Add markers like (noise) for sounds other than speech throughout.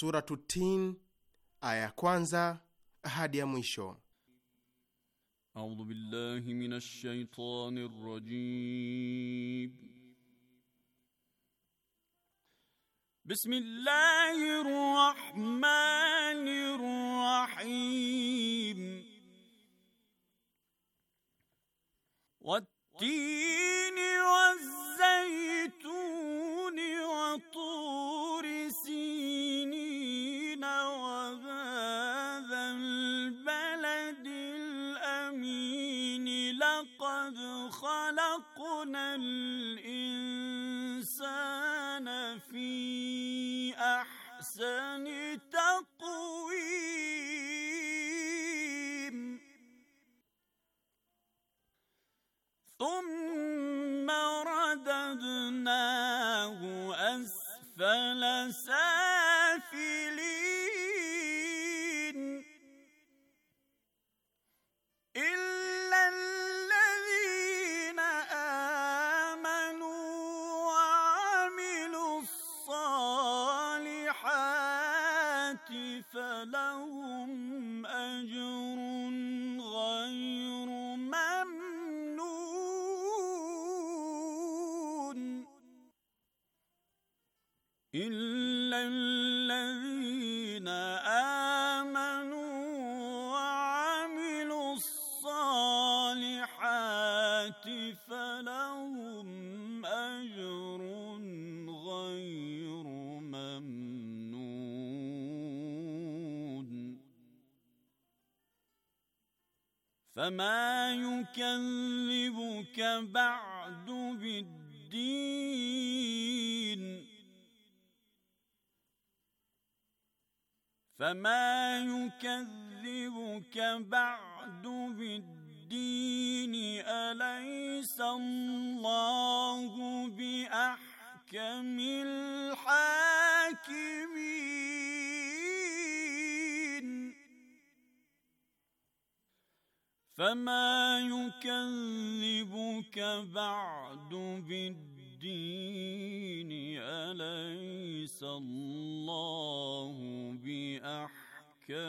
Suratu Tin, aya ya kwanza hadi ya mwisho. Audhu billahi minash shaitani rajim. Bismillahir rahmanir rahim. wat waz-zaytun فما يكذبك بعد بالدين فما يكذبك بعد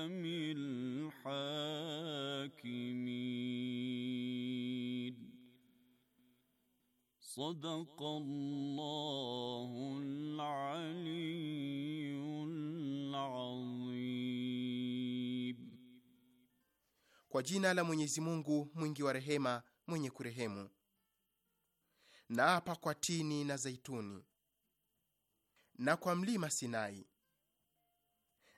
Kwa jina la Mwenyezi Mungu mwingi wa rehema mwenye kurehemu. Naapa kwa tini na zaituni na kwa mlima Sinai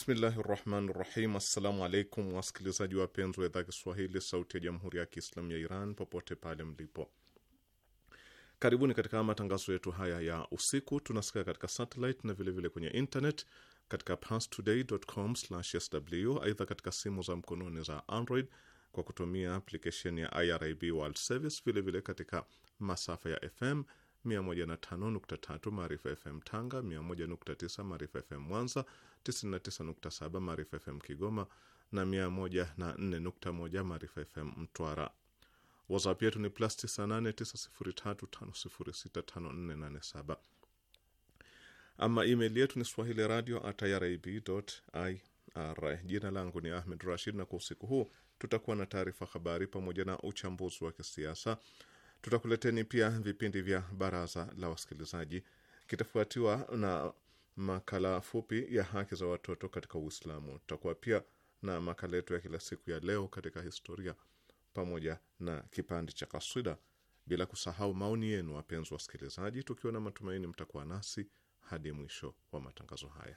Bismillahi rahmani rahim. Assalamu alaikum wasikilizaji wapenzi wa idhaa Kiswahili sauti ya jamhuri ya Kiislamu ya Iran popote pale mlipo, karibuni katika matangazo yetu haya ya usiku. Tunasikia katika satellite na vilevile vile kwenye internet katika parstoday.com/sw. Aidha, katika simu za mkononi za Android kwa kutumia aplikesheni ya IRIB World Service, vilevile vile katika masafa ya FM 105.3 Maarifa FM Tanga, 101.9 Maarifa FM Mwanza 99.7 Maarifa FM Kigoma na 104.1 Maarifa FM Mtwara. WhatsApp yetu ni plus 989035065487. Ama email yetu ni swahili radio at irib ir. Jina langu ni Ahmed Rashid, na kwa usiku huu tutakuwa na taarifa habari pamoja na uchambuzi wa kisiasa. Tutakuleteni pia vipindi vya baraza la wasikilizaji, kitafuatiwa na makala fupi ya haki za watoto katika Uislamu. Tutakuwa pia na makala yetu ya kila siku ya leo katika historia, pamoja na kipande cha kaswida, bila kusahau maoni yenu, wapenzi wasikilizaji, tukiwa na matumaini mtakuwa nasi hadi mwisho wa matangazo haya.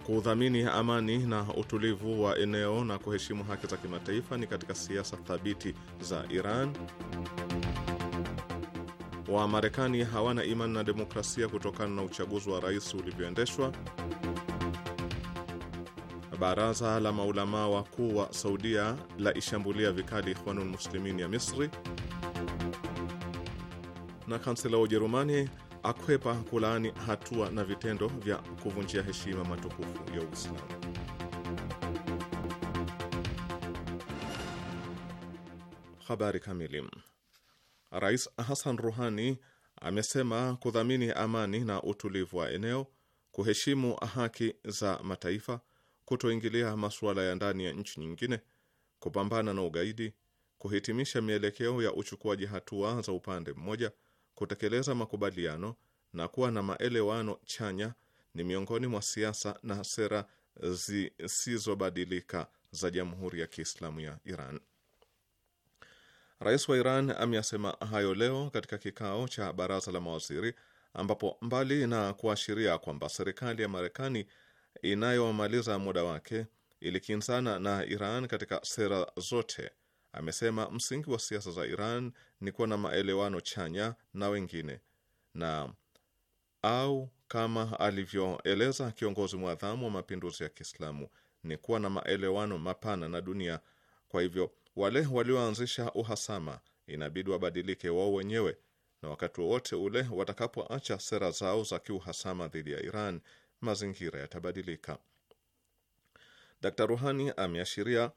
Kuudhamini amani na utulivu wa eneo na kuheshimu haki za kimataifa ni katika siasa thabiti za Iran. Wamarekani hawana imani na demokrasia kutokana na uchaguzi wa rais ulivyoendeshwa. Baraza la maulamaa wakuu wa Saudia la ishambulia vikali Ikhwanul Muslimin ya Misri, na kansela wa Ujerumani akwepa kulaani hatua na vitendo vya kuvunjia heshima matukufu ya Uislamu. Habari kamili. Rais Hassan Ruhani amesema kudhamini amani na utulivu wa eneo, kuheshimu haki za mataifa, kutoingilia masuala ya ndani ya nchi nyingine, kupambana na ugaidi, kuhitimisha mielekeo ya uchukuaji hatua za upande mmoja kutekeleza makubaliano na kuwa na maelewano chanya ni miongoni mwa siasa na sera zisizobadilika za Jamhuri ya Kiislamu ya Iran. Rais wa Iran ameyasema hayo leo katika kikao cha baraza la mawaziri ambapo mbali na kuashiria kwamba serikali ya Marekani inayomaliza muda wake ilikinzana na Iran katika sera zote amesema msingi wa siasa za Iran ni kuwa na maelewano chanya na wengine na au kama alivyoeleza kiongozi mwadhamu wa mapinduzi ya Kiislamu ni kuwa na maelewano mapana na dunia. Kwa hivyo wale walioanzisha uhasama inabidi wabadilike wao wenyewe, na wakati wowote ule watakapoacha sera zao za kiuhasama dhidi ya Iran, mazingira yatabadilika. Dr. Ruhani ameashiria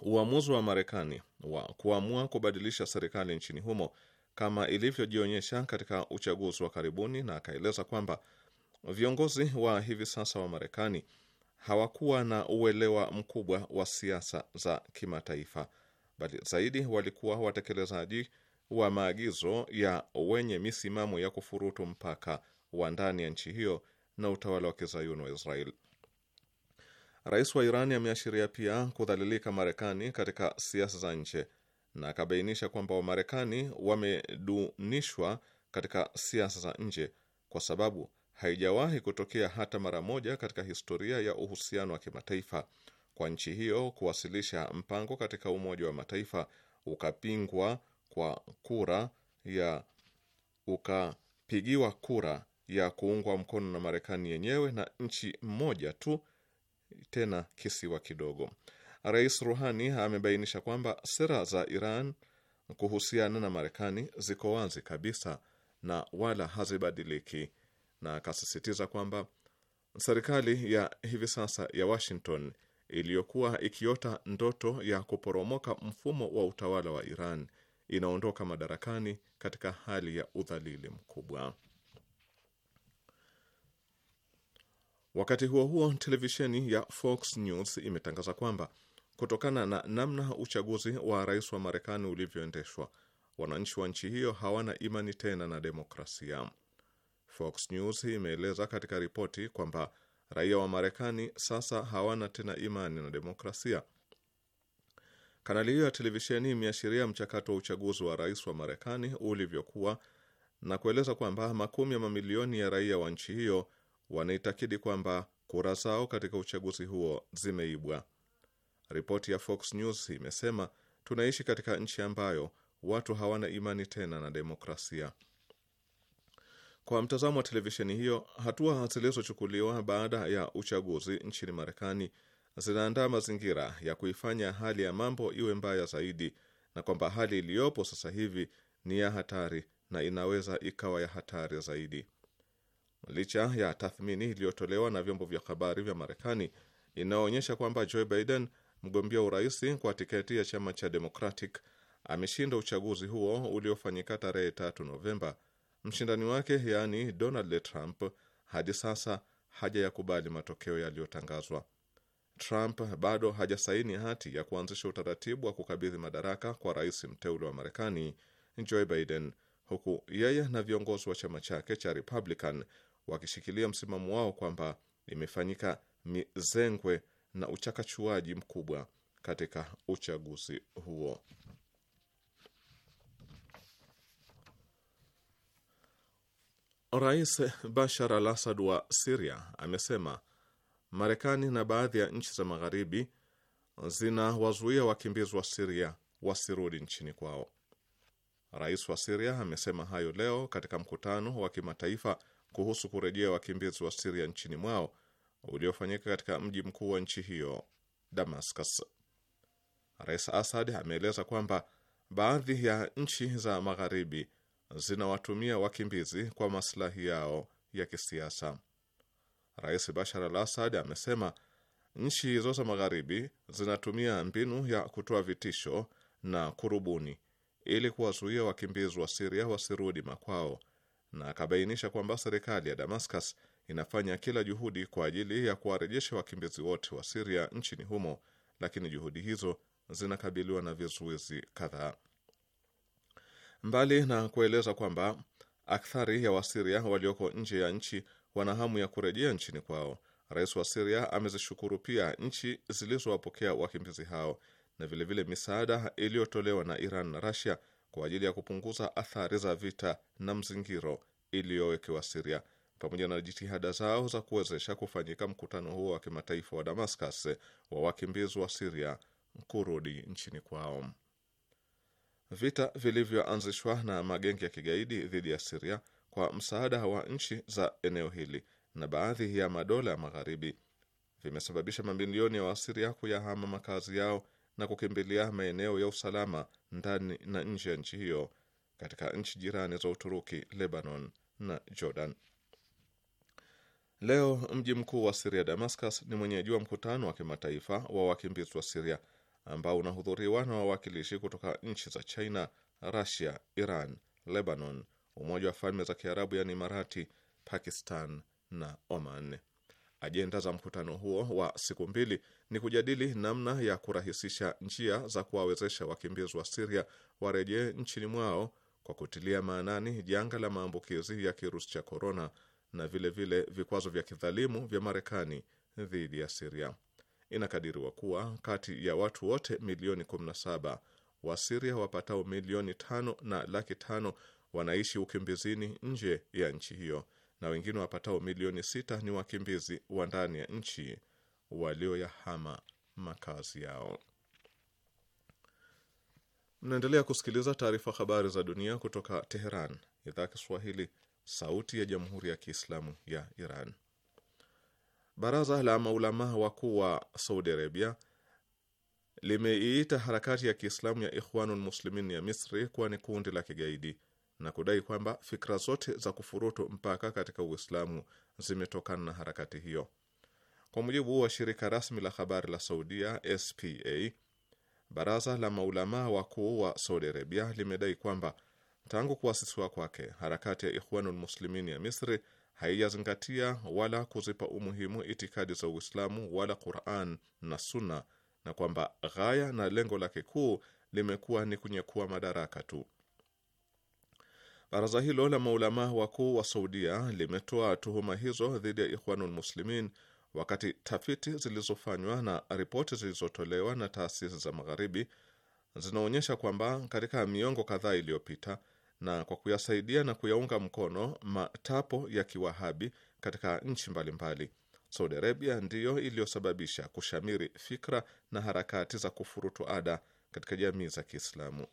Uamuzi wa Marekani wa kuamua kubadilisha serikali nchini humo kama ilivyojionyesha katika uchaguzi wa karibuni, na akaeleza kwamba viongozi wa hivi sasa wa Marekani hawakuwa na uelewa mkubwa wa siasa za kimataifa, bali zaidi walikuwa watekelezaji wa maagizo ya wenye misimamo ya kufurutu mpaka wa ndani ya nchi hiyo na utawala wa kizayuni wa Israeli. Rais wa Irani ameashiria pia kudhalilika Marekani katika siasa za nje na akabainisha kwamba Wamarekani wamedunishwa katika siasa za nje kwa sababu haijawahi kutokea hata mara moja katika historia ya uhusiano wa kimataifa kwa nchi hiyo kuwasilisha mpango katika Umoja wa Mataifa ukapingwa kwa kura ya ukapigiwa kura ya kuungwa mkono na Marekani yenyewe na nchi moja tu tena kisiwa kidogo. Rais Ruhani amebainisha kwamba sera za Iran kuhusiana na Marekani ziko wazi kabisa na wala hazibadiliki, na akasisitiza kwamba serikali ya hivi sasa ya Washington iliyokuwa ikiota ndoto ya kuporomoka mfumo wa utawala wa Iran inaondoka madarakani katika hali ya udhalili mkubwa. Wakati huo huo, televisheni ya Fox News imetangaza kwamba kutokana na namna uchaguzi wa rais wa Marekani ulivyoendeshwa, wananchi wa nchi hiyo hawana imani tena na demokrasia. Fox News imeeleza katika ripoti kwamba raia wa Marekani sasa hawana tena imani na demokrasia. Kanali hiyo ya televisheni imeashiria mchakato wa uchaguzi wa rais wa Marekani ulivyokuwa na kueleza kwamba makumi ya mamilioni ya raia wa nchi hiyo wanaitakidi kwamba kura zao katika uchaguzi huo zimeibwa. Ripoti ya Fox News imesema tunaishi katika nchi ambayo watu hawana imani tena na demokrasia. Kwa mtazamo wa televisheni hiyo, hatua zilizochukuliwa baada ya uchaguzi nchini Marekani zinaandaa mazingira ya kuifanya hali ya mambo iwe mbaya zaidi, na kwamba hali iliyopo sasa hivi ni ya hatari na inaweza ikawa ya hatari zaidi licha ya tathmini iliyotolewa na vyombo vya habari vya Marekani inayoonyesha kwamba Joe Biden, mgombea urais kwa tiketi ya chama cha Democratic, ameshinda uchaguzi huo uliofanyika tarehe 3 Novemba. Mshindani wake yaani Donald Trump hadi sasa hajayakubali matokeo yaliyotangazwa. Trump bado hajasaini hati ya kuanzisha utaratibu wa kukabidhi madaraka kwa rais mteule wa Marekani Joe Biden, huku yeye na viongozi wa chama chake cha Republican wakishikilia msimamo wao kwamba imefanyika mizengwe na uchakachuaji mkubwa katika uchaguzi huo. Rais Bashar al Assad wa Siria amesema Marekani na baadhi ya nchi za Magharibi zinawazuia wakimbizi wa Siria wasirudi nchini kwao. Rais wa Siria amesema hayo leo katika mkutano wa kimataifa kuhusu kurejea wakimbizi wa Siria nchini mwao uliofanyika katika mji mkuu wa nchi hiyo Damascus. Rais Assad ameeleza kwamba baadhi ya nchi za magharibi zinawatumia wakimbizi kwa maslahi yao ya kisiasa. Rais Bashar al Assad amesema nchi hizo za magharibi zinatumia mbinu ya kutoa vitisho na kurubuni ili kuwazuia wakimbizi wa Siria wasirudi makwao na akabainisha kwamba serikali ya Damascus inafanya kila juhudi kwa ajili ya kuwarejesha wakimbizi wote wa Siria nchini humo, lakini juhudi hizo zinakabiliwa na vizuizi kadhaa. Mbali na kueleza kwamba akthari ya Wasiria walioko nje ya nchi wana hamu ya kurejea nchini kwao, rais wa Siria amezishukuru pia nchi zilizowapokea wakimbizi hao na vilevile vile misaada iliyotolewa na Iran na Russia kwa ajili ya kupunguza athari za vita na mzingiro iliyowekewa Siria pamoja na jitihada zao za kuwezesha kufanyika mkutano huo wa kimataifa wa Damascus wa wakimbizi wa Siria kurudi nchini kwao. Vita vilivyoanzishwa na magenge ya kigaidi dhidi ya Siria kwa msaada wa nchi za eneo hili na baadhi ya madola ya magharibi vimesababisha mamilioni ya Wasiria kuyahama makazi yao na kukimbilia maeneo ya usalama ndani na nje ya nchi hiyo katika nchi jirani za Uturuki, Lebanon na Jordan. Leo mji mkuu wa Siria, Damascus, ni mwenyeji wa mkutano wa kimataifa wa wakimbizi wa Siria ambao unahudhuriwa na wawakilishi kutoka nchi za China, Rusia, Iran, Lebanon, Umoja wa Falme za Kiarabu yani Imarati, Pakistan na Oman. Ajenda za mkutano huo wa siku mbili ni kujadili namna ya kurahisisha njia za kuwawezesha wakimbizi wa Siria warejee nchini mwao kwa kutilia maanani janga la maambukizi ya kirusi cha korona na vilevile vile vikwazo vya kidhalimu vya Marekani dhidi ya Siria. Inakadiriwa kuwa kati ya watu wote milioni 17 wa Siria wapatao milioni tano na laki tano wanaishi ukimbizini nje ya nchi hiyo na wengine wapatao milioni sita ni wakimbizi wa ndani ya nchi walioyahama makazi yao. Mnaendelea kusikiliza taarifa habari za dunia kutoka Teheran, idhaa ya Kiswahili, sauti ya jamhuri ya kiislamu ya Iran. Baraza la maulamaa wakuu wa Saudi Arabia limeiita harakati ya kiislamu ya Ikhwanul Muslimin ya Misri kuwa ni kundi la kigaidi na kudai kwamba fikra zote za kufurutu mpaka katika Uislamu zimetokana na harakati hiyo. Kwa mujibu wa shirika rasmi la habari la Saudia SPA, baraza la maulamaa wakuu wa Saudi Arabia limedai kwamba tangu kuasisiwa kwake harakati ya Ikhwanul Muslimin ya Misri haijazingatia wala kuzipa umuhimu itikadi za Uislamu wala Quran na Sunna, na kwamba ghaya na lengo lake kuu limekuwa ni kunyekua madaraka tu. Baraza hilo la maulamaa wakuu wa Saudia limetoa tuhuma hizo dhidi ya Ikhwanul Muslimin wakati tafiti zilizofanywa na ripoti zilizotolewa na taasisi za Magharibi zinaonyesha kwamba katika miongo kadhaa iliyopita na kwa kuyasaidia na kuyaunga mkono matapo ya kiwahabi katika nchi mbalimbali, Saudi Arabia ndiyo iliyosababisha kushamiri fikra na harakati za kufurutu ada katika jamii za Kiislamu.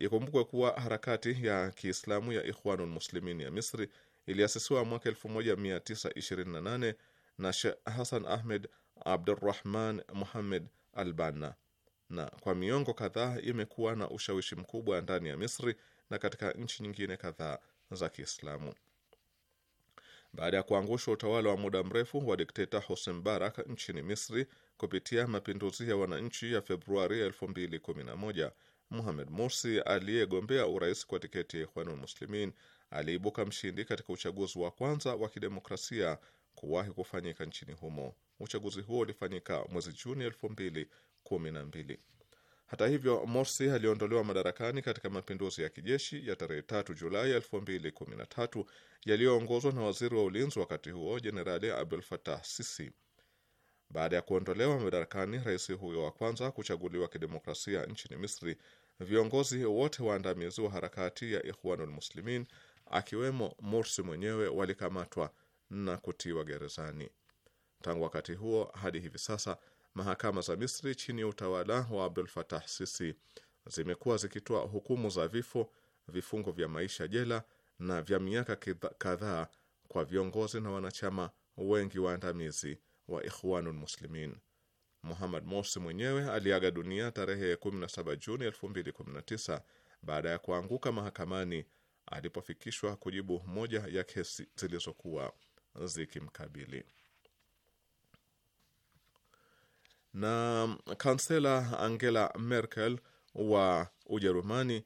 Ikumbukwe kuwa harakati ya Kiislamu ya Ikhwanul Muslimin ya Misri iliasisiwa mwaka 1928 na Sheikh Hassan Ahmed Abdurrahman Muhammed banna na kwa miongo kadhaa imekuwa na ushawishi mkubwa ndani ya Misri na katika nchi nyingine kadhaa za Kiislamu. Baada ya kuangushwa utawala wa muda mrefu wa dikteta Hosni Mubarak nchini Misri kupitia mapinduzi ya wananchi ya Februari 2011 Mohamed Mursi aliyegombea urais kwa tiketi ya Ikhwanul Muslimin aliibuka mshindi katika uchaguzi wa kwanza wa kidemokrasia kuwahi kufanyika nchini humo. Uchaguzi huo ulifanyika mwezi Juni elfu mbili kumi na mbili. Hata hivyo, Morsi aliondolewa madarakani katika mapinduzi ya kijeshi ya tarehe 3 Julai 2013 yaliyoongozwa na waziri wa ulinzi wakati huo Jenerali Abdel Fattah Sisi. Baada ya kuondolewa madarakani, rais huyo wa kwanza kuchaguliwa kidemokrasia nchini Misri viongozi wote waandamizi wa harakati ya Ikhwanul Muslimin akiwemo Mursi mwenyewe walikamatwa na kutiwa gerezani. Tangu wakati huo hadi hivi sasa mahakama za Misri chini ya utawala wa Abdul Fatah Sisi zimekuwa zikitoa hukumu za vifo, vifungo vya maisha jela na vya miaka kadhaa kwa viongozi na wanachama wengi waandamizi wa Ikhwanul Muslimin. Muhammad Morsi mwenyewe aliaga dunia tarehe 17 Juni 2019 baada ya kuanguka mahakamani alipofikishwa kujibu moja ya kesi zilizokuwa zikimkabili. Na kansela Angela Merkel wa Ujerumani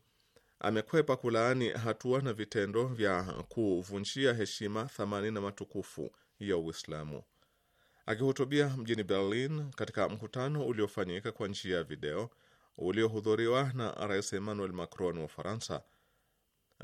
amekwepa kulaani hatua na vitendo vya kuvunjia heshima, thamani na matukufu ya Uislamu. Akihutubia mjini Berlin katika mkutano uliofanyika kwa njia ya video uliohudhuriwa na Rais Emmanuel Macron wa Ufaransa,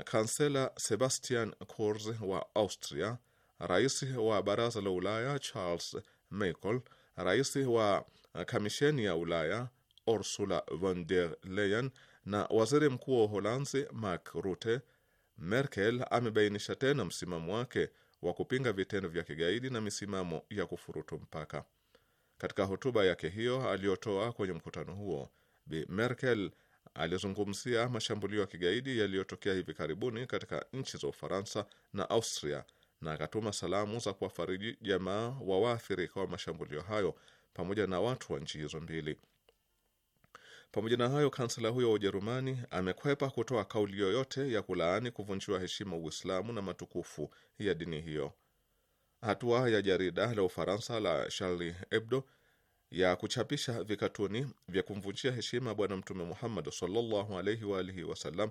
Kansela Sebastian Kurz wa Austria, Rais wa Baraza la Ulaya Charles Michel, Rais wa Kamisheni ya Ulaya Ursula von der Leyen na Waziri Mkuu wa Uholanzi Mark Rutte, Merkel amebainisha tena msimamo wake wa kupinga vitendo vya kigaidi na misimamo ya kufurutu mpaka. Katika hotuba yake hiyo aliyotoa kwenye mkutano huo, Bi Merkel alizungumzia mashambulio ya kigaidi yaliyotokea hivi karibuni katika nchi za Ufaransa na Austria na akatuma salamu za kuwafariji jamaa wa waathirika wa mashambulio hayo pamoja na watu wa nchi hizo mbili. Pamoja na hayo, kansela huyo wa Ujerumani amekwepa kutoa kauli yoyote ya kulaani kuvunjiwa heshima Uislamu na matukufu ya dini hiyo. Hatua ya jarida la Ufaransa la Charlie Hebdo ya kuchapisha vikatuni vya kumvunjia heshima Bwana Mtume Muhammad sallallahu alaihi wa alihi wasallam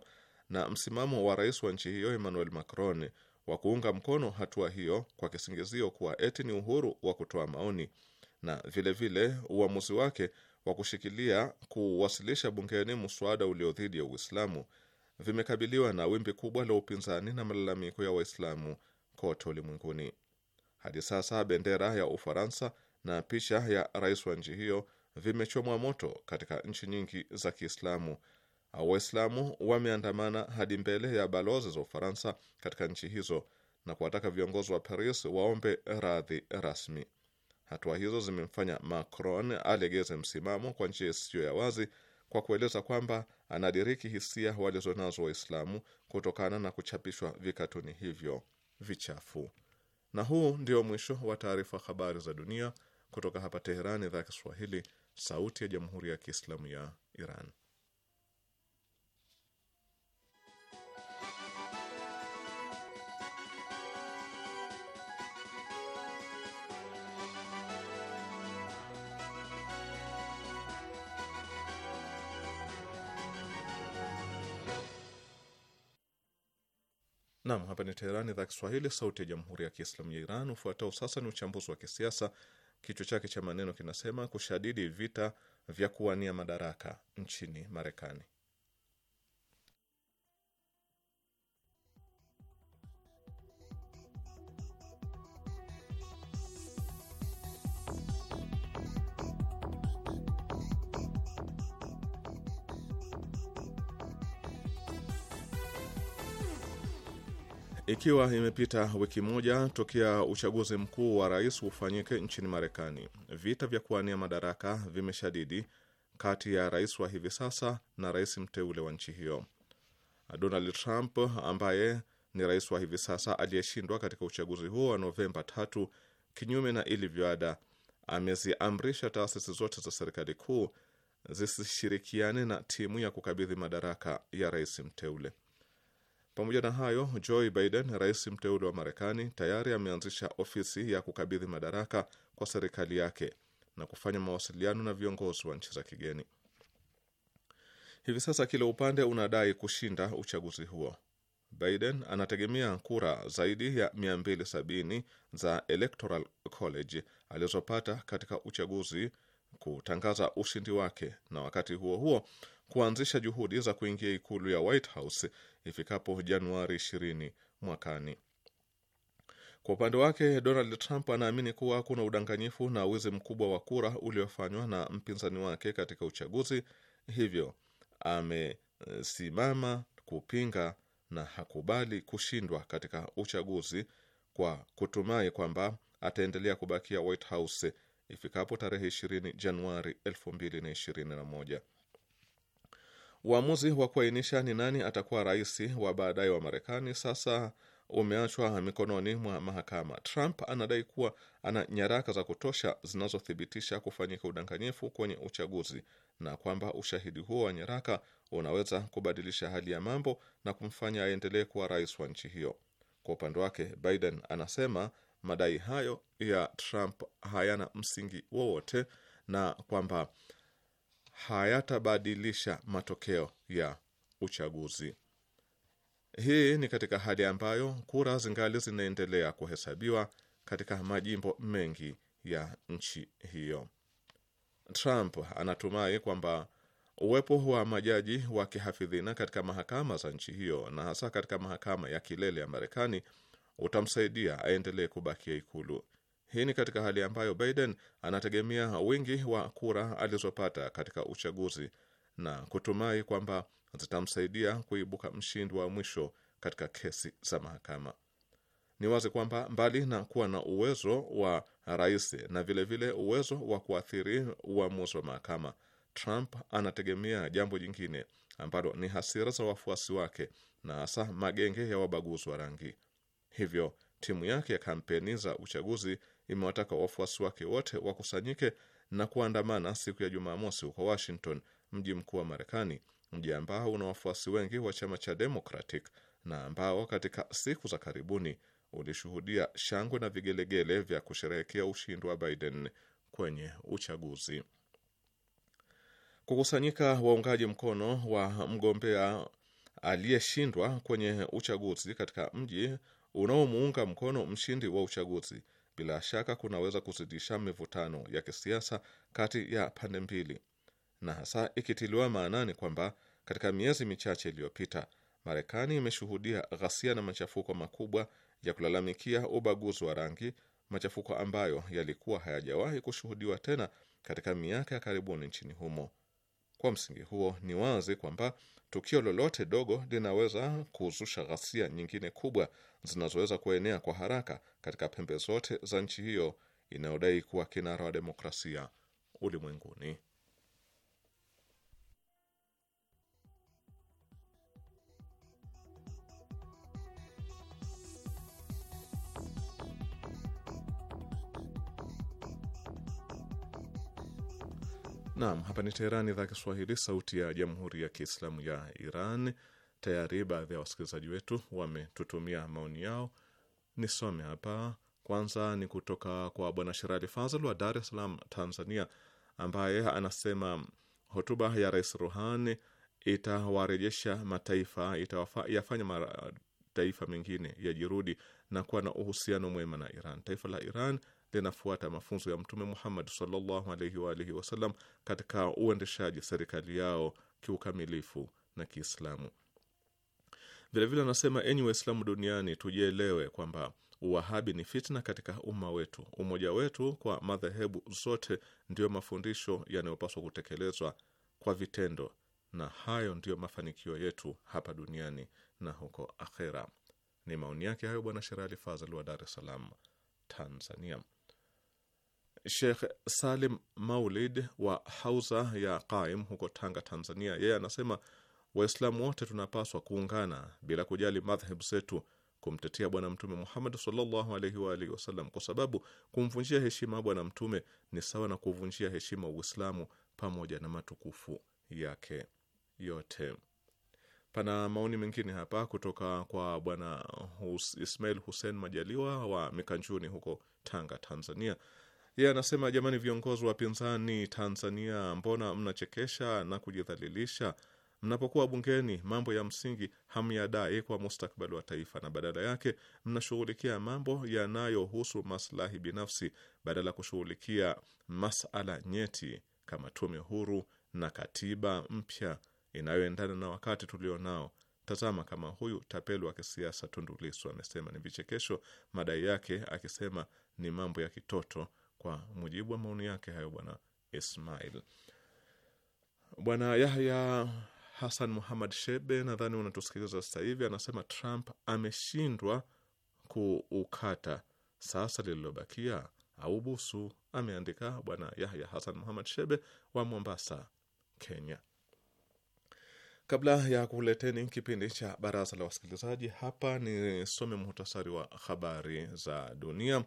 na msimamo wa rais wa nchi hiyo Emmanuel Macron wa kuunga mkono hatua hiyo kwa kisingizio kuwa eti ni uhuru wa kutoa maoni na vilevile uamuzi wake kwa kushikilia kuwasilisha bungeni muswada ulio dhidi ya Uislamu vimekabiliwa na wimbi kubwa la upinzani na malalamiko ya Waislamu kote ulimwenguni. Hadi sasa bendera ya Ufaransa na picha ya rais wa nchi hiyo vimechomwa moto katika nchi nyingi za Kiislamu. Waislamu wameandamana hadi mbele ya balozi za Ufaransa katika nchi hizo na kuwataka viongozi wa Paris waombe radhi rasmi. Hatua hizo zimemfanya Macron alegeze msimamo kwa njia isiyo ya wazi kwa kueleza kwamba anadiriki hisia walizonazo Waislamu kutokana na kuchapishwa vikatuni hivyo vichafu. Na huu ndio mwisho wa taarifa habari za dunia kutoka hapa Teherani, idhaa ya Kiswahili, sauti ya jamhuri ya kiislamu ya Iran. Nam, hapa ni Teherani, idhaa Kiswahili, sauti ya jamhuri ya kiislamu ya Iran. Ufuatao sasa ni uchambuzi wa kisiasa, kichwa chake cha maneno kinasema kushadidi vita vya kuwania madaraka nchini Marekani. Ikiwa imepita wiki moja tokea uchaguzi mkuu wa rais ufanyike nchini Marekani, vita vya kuwania madaraka vimeshadidi kati ya rais wa hivi sasa na rais mteule wa nchi hiyo. Donald Trump ambaye ni rais wa hivi sasa aliyeshindwa katika uchaguzi huo wa Novemba tatu, kinyume na ilivyoada, ameziamrisha taasisi zote za serikali kuu zisishirikiane na timu ya kukabidhi madaraka ya rais mteule. Pamoja na hayo, Joe Biden, rais mteule wa Marekani, tayari ameanzisha ofisi ya kukabidhi madaraka kwa serikali yake na kufanya mawasiliano na viongozi wa nchi za kigeni. Hivi sasa kila upande unadai kushinda uchaguzi huo. Biden anategemea kura zaidi ya 270 za Electoral College alizopata katika uchaguzi kutangaza ushindi wake, na wakati huo huo kuanzisha juhudi za kuingia ikulu ya White House ifikapo Januari 20 mwakani. Kwa upande wake Donald Trump anaamini kuwa kuna udanganyifu na wizi mkubwa wa kura uliofanywa na mpinzani wake katika uchaguzi, hivyo amesimama kupinga na hakubali kushindwa katika uchaguzi kwa kutumai kwamba ataendelea kubakia White House ifikapo tarehe 20 Januari 2021. Uamuzi wa kuainisha ni nani atakuwa rais wa baadaye wa Marekani sasa umeachwa mikononi mwa mahakama. Trump anadai kuwa ana nyaraka za kutosha zinazothibitisha kufanyika udanganyifu kwenye uchaguzi na kwamba ushahidi huo wa nyaraka unaweza kubadilisha hali ya mambo na kumfanya aendelee kuwa rais wa nchi hiyo. Kwa upande wake, Biden anasema madai hayo ya Trump hayana msingi wowote na kwamba hayatabadilisha matokeo ya uchaguzi. Hii ni katika hali ambayo kura zingali zinaendelea kuhesabiwa katika majimbo mengi ya nchi hiyo. Trump anatumai kwamba uwepo wa majaji wa kihafidhina katika mahakama za nchi hiyo na hasa katika mahakama ya kilele ya Marekani utamsaidia aendelee kubakia Ikulu. Hii ni katika hali ambayo Biden anategemea wingi wa kura alizopata katika uchaguzi na kutumai kwamba zitamsaidia kuibuka mshindi wa mwisho katika kesi za mahakama. Ni wazi kwamba mbali na kuwa na uwezo wa rais na vilevile vile uwezo wa kuathiri uamuzi wa mahakama, Trump anategemea jambo jingine ambalo ni hasira za wafuasi wake na hasa magenge ya wabaguzi wa rangi. Hivyo timu yake ya kampeni za uchaguzi imewataka wafuasi wake wote wakusanyike na kuandamana siku ya Jumamosi huko Washington, mji mkuu wa Marekani, mji ambao una wafuasi wengi wa chama cha Democratic na ambao katika siku za karibuni ulishuhudia shangwe na vigelegele vya kusherehekea ushindi wa Biden kwenye uchaguzi. Kukusanyika waungaji mkono wa mgombea aliyeshindwa kwenye uchaguzi katika mji unaomuunga mkono mshindi wa uchaguzi bila shaka kunaweza kuzidisha mivutano ya kisiasa kati ya pande mbili, na hasa ikitiliwa maanani kwamba katika miezi michache iliyopita Marekani imeshuhudia ghasia na machafuko makubwa ya kulalamikia ubaguzi wa rangi, machafuko ambayo yalikuwa hayajawahi kushuhudiwa tena katika miaka ya karibuni nchini humo. Kwa msingi huo, ni wazi kwamba tukio lolote dogo linaweza kuzusha ghasia nyingine kubwa zinazoweza kuenea kwa haraka katika pembe zote za nchi hiyo inayodai kuwa kinara wa demokrasia ulimwenguni. Naam, hapa ni Teherani, idhaa Kiswahili, sauti ya jamhuri ya kiislamu ya Iran. Tayari baadhi ya wasikilizaji wetu wametutumia maoni yao, nisome hapa. Kwanza ni kutoka kwa bwana Sherali Fazl wa Dar es Salaam, Tanzania, ambaye anasema hotuba ya Rais Ruhani itawarejesha mataifa, itayafanya mataifa mengine yajirudi na kuwa na uhusiano mwema na Iran. Taifa la Iran linafuata mafunzo ya Mtume Muhammad sallallahu alaihi wa alihi wasallam katika uendeshaji serikali yao kiukamilifu na Kiislamu. Vilevile anasema enyi Waislamu duniani, tujielewe kwamba uwahabi ni fitna katika umma wetu. Umoja wetu kwa madhehebu zote ndiyo mafundisho yanayopaswa kutekelezwa kwa vitendo, na hayo ndiyo mafanikio yetu hapa duniani na huko akhera. Ni maoni yake hayo Bwana Sherali Fazal wa Dar es Salaam, Tanzania. Sheikh Salim Maulid wa Hauza ya Qaim huko Tanga, Tanzania, yeye anasema Waislamu wote tunapaswa kuungana bila kujali madhhabu zetu kumtetea Bwana Mtume Muhammad sallallahu alaihi wa alihi wasallam, kwa sababu kumvunjia heshima Bwana Mtume ni sawa na kuvunjia heshima Uislamu pamoja na matukufu yake yote. Pana maoni mengine hapa kutoka kwa Bwana Ismail Hussein Majaliwa wa Mikanjuni huko Tanga, Tanzania. Yeye anasema jamani, viongozi wa pinzani Tanzania, mbona mnachekesha na kujidhalilisha? Mnapokuwa bungeni, mambo ya msingi hamyadai kwa mustakbali wa taifa, na badala yake mnashughulikia mambo yanayohusu maslahi binafsi badala ya kushughulikia masala nyeti kama tume huru na katiba mpya inayoendana na wakati tulionao. Tazama kama huyu tapelu wa kisiasa Tundu Lissu amesema ni vichekesho madai yake, akisema ni mambo ya kitoto kwa mujibu wa maoni yake hayo bwana Ismail. Bwana Yahya Hasan Muhammad Shebe, nadhani unatusikiliza sasa hivi, anasema Trump ameshindwa kuukata, sasa lililobakia au busu. Ameandika bwana Yahya Hasan Muhammad Shebe wa Mombasa, Kenya. Kabla ya kuleteni kipindi cha baraza la wasikilizaji, hapa nisome muhtasari wa habari za dunia.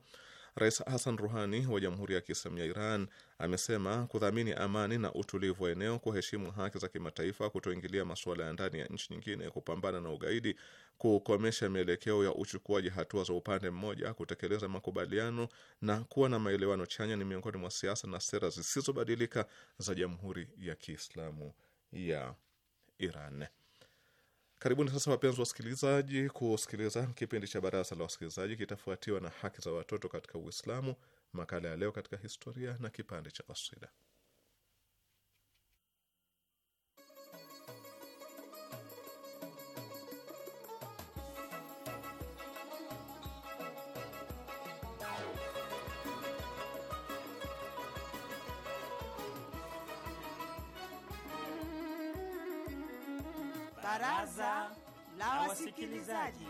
Rais Hassan Ruhani wa Jamhuri ya Kiislamu ya Iran amesema kudhamini amani na utulivu wa eneo, kuheshimu haki za kimataifa, kutoingilia masuala ya ndani ya nchi nyingine, kupambana na ugaidi, kukomesha mielekeo ya uchukuaji hatua za upande mmoja, kutekeleza makubaliano na kuwa na maelewano chanya ni miongoni mwa siasa na sera zisizobadilika za Jamhuri ya Kiislamu ya Iran. Karibuni sasa wapenzi wasikilizaji, kusikiliza kipindi cha baraza la wasikilizaji, kitafuatiwa na haki za watoto katika Uislamu, makala ya leo katika historia na kipande cha kasida. na wasikilizaji.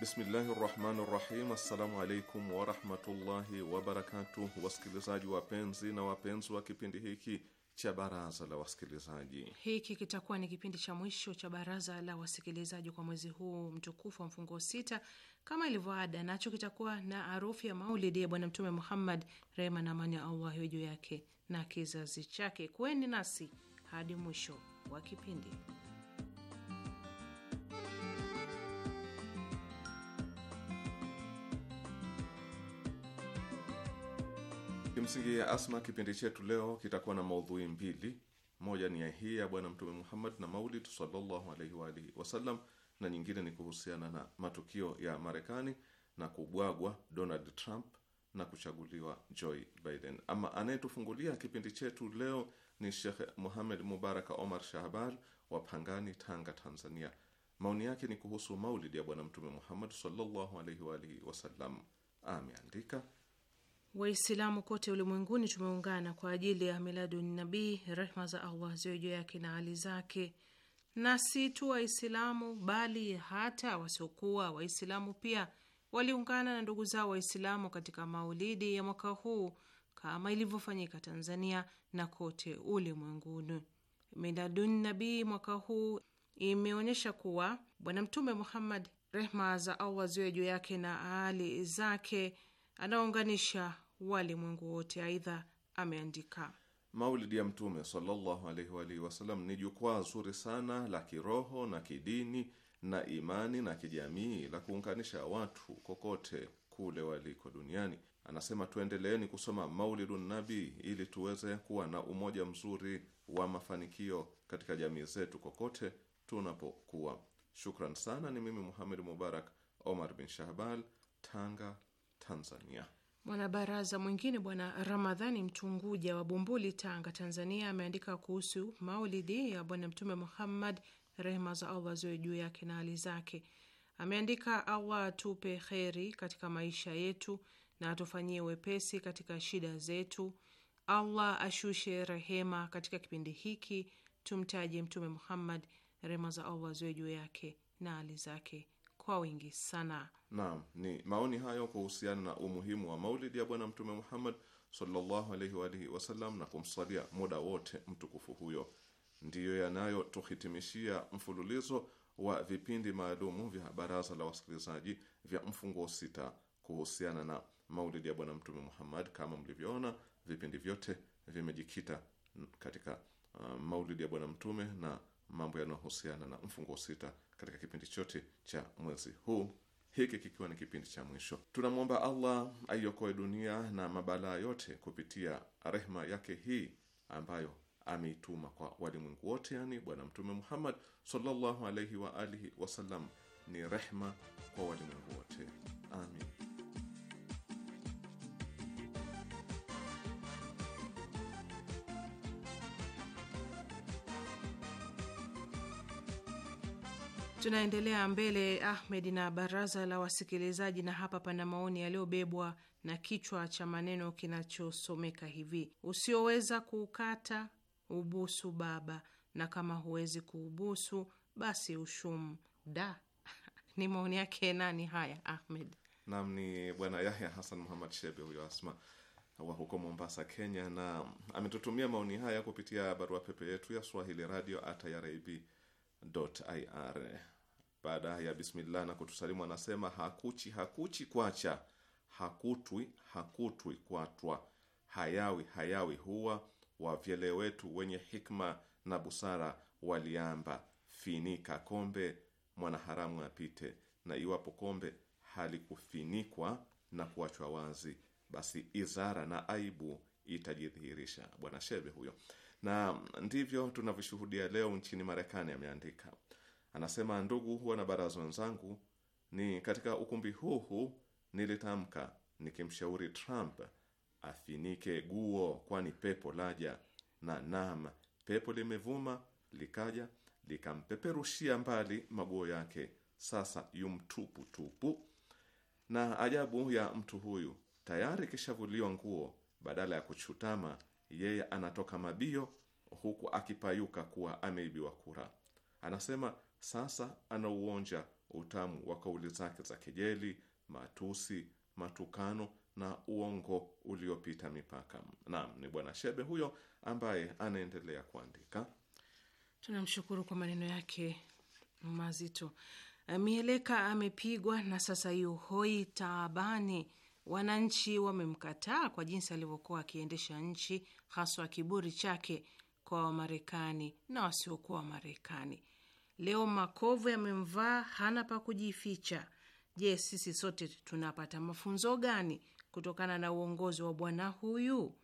Bismillahi rahmani rahim. Assalamu alaikum warahmatullahi wabarakatuh, wasikilizaji wapenzi na wapenzi wa kipindi hiki cha baraza la wasikilizaji. Hiki kitakuwa ni kipindi cha mwisho cha baraza la wasikilizaji kwa mwezi huu mtukufu wa mfungo sita, kama ilivyoada, nacho kitakuwa na arufu ya maulidi ya Bwana Mtume Muhammad, rehma na amani ya Allah juu yake na kizazi chake. Kuweni nasi hadi mwisho wa kipindi. Kimsingi Asma, kipindi chetu leo kitakuwa na maudhui mbili. Moja ni ya hii ya Bwana Mtume Muhammad na Maulid sallallahu alaihi wa alihi wasallam, na nyingine ni kuhusiana na matukio ya Marekani na kubwagwa Donald Trump na kuchaguliwa Joe Biden. Ama anayetufungulia kipindi chetu leo ni Shekh Muhamed Mubaraka Omar Shahbal wa Pangani, Tanga, Tanzania. Maoni yake ni kuhusu maulidi ya Bwana Mtume Muhammad sallallahu alaihi wa alihi wasallam. Ameandika: Waislamu kote ulimwenguni tumeungana kwa ajili ya miladun nabii, rehma za Allah ziwe juu yake na hali zake, na si tu Waislamu bali hata wasiokuwa Waislamu pia waliungana na ndugu zao Waislamu katika maulidi ya mwaka huu kama ilivyofanyika Tanzania na kote ulimwenguni. Miladun nabii mwaka huu imeonyesha kuwa Bwana Mtume Muhammad, rehma za Allah ziwe juu yake na hali zake, anaunganisha walimwengu wote. Aidha ameandika Maulidi ya Mtume sallallahu alaihi wa alihi wasallam ni jukwaa zuri sana la kiroho na kidini na imani na kijamii la kuunganisha watu kokote kule waliko duniani. Anasema, tuendeleeni kusoma maulidu nabi ili tuweze kuwa na umoja mzuri wa mafanikio katika jamii zetu kokote tunapokuwa. Shukran sana. Ni mimi Muhamed Mubarak Omar bin Shahbal, Tanga, Tanzania. Mwanabaraza mwingine bwana Ramadhani Mtunguja wa Bumbuli, Tanga, Tanzania, ameandika kuhusu maulidi ya Bwana Mtume Muhammad, rehema za Allah ziwe juu yake na hali zake. Ameandika, Allah atupe kheri katika maisha yetu na atufanyie wepesi katika shida zetu. Allah ashushe rehema katika kipindi hiki, tumtaje Mtume Muhammad, rehema za Allah ziwe juu yake na hali zake kwa wingi sana. Naam, ni maoni hayo kuhusiana na umuhimu wa maulidi ya Bwana Mtume Muhammad sallallahu alaihi wa alihi wasallam na kumsalia muda wote mtukufu huyo, ndiyo yanayotuhitimishia mfululizo wa vipindi maalumu vya baraza la wasikilizaji vya mfunguo sita kuhusiana na maulidi ya Bwana Mtume Muhammad. Kama mlivyoona, vipindi vyote vimejikita katika uh, maulidi ya Bwana Mtume na mambo yanayohusiana na mfunguo sita katika kipindi chote cha mwezi huu, hiki kikiwa ni kipindi cha mwisho. Tunamwomba Allah aiokoe dunia na mabalaa yote kupitia rehma yake hii ambayo ameituma kwa walimwengu wote, yani Bwana Mtume Muhammad sallallahu alaihi wa alihi wasallam ni rehma kwa walimwengu wote. Amin. Tunaendelea mbele Ahmed na baraza la wasikilizaji, na hapa pana maoni yaliyobebwa na kichwa cha maneno kinachosomeka hivi: usioweza kuukata ubusu baba, na kama huwezi kuubusu basi ushumu da. (laughs) Ni maoni yake nani haya, Ahmed? Naam, ni bwana Yahya hasan Muhammad Shebe huyo Asma wa huko Mombasa, Kenya, na ametutumia maoni haya kupitia barua pepe yetu ya swahili radio at irib ir baada ya bismillah na kutusalimu, anasema hakuchi hakuchi kwacha, hakutwi hakutwi kwatwa, hayawi hayawi huwa, wavyele wetu wenye hikma na busara waliamba, finika kombe mwanaharamu apite, na iwapo kombe halikufinikwa na kuachwa wazi, basi izara na aibu itajidhihirisha. Bwana Shebe huyo, na ndivyo tunavyoshuhudia leo nchini Marekani, ameandika Anasema, ndugu wanabaraza wenzangu, ni katika ukumbi huu huu nilitamka nikimshauri Trump afinike guo, kwani pepo laja. Na naam, pepo limevuma likaja likampeperushia mbali maguo yake, sasa mtupu tupu. Na ajabu ya mtu huyu, tayari kishavuliwa nguo, badala ya kuchutama yeye anatoka mabio, huku akipayuka kuwa ameibiwa kura. Anasema sasa anauonja utamu wa kauli zake za kejeli, matusi, matukano na uongo uliopita mipaka. Naam, ni bwana Shebe huyo ambaye anaendelea kuandika. Tunamshukuru kwa maneno yake mazito. Eh, mieleka amepigwa na sasa yuhoi taabani. Wananchi wamemkataa kwa jinsi alivyokuwa akiendesha nchi, haswa kiburi chake kwa Wamarekani na wasiokuwa Wamarekani. Leo makovu yamemvaa, hana pa kujificha. Je, sisi sote tunapata mafunzo gani kutokana na uongozi wa bwana huyu?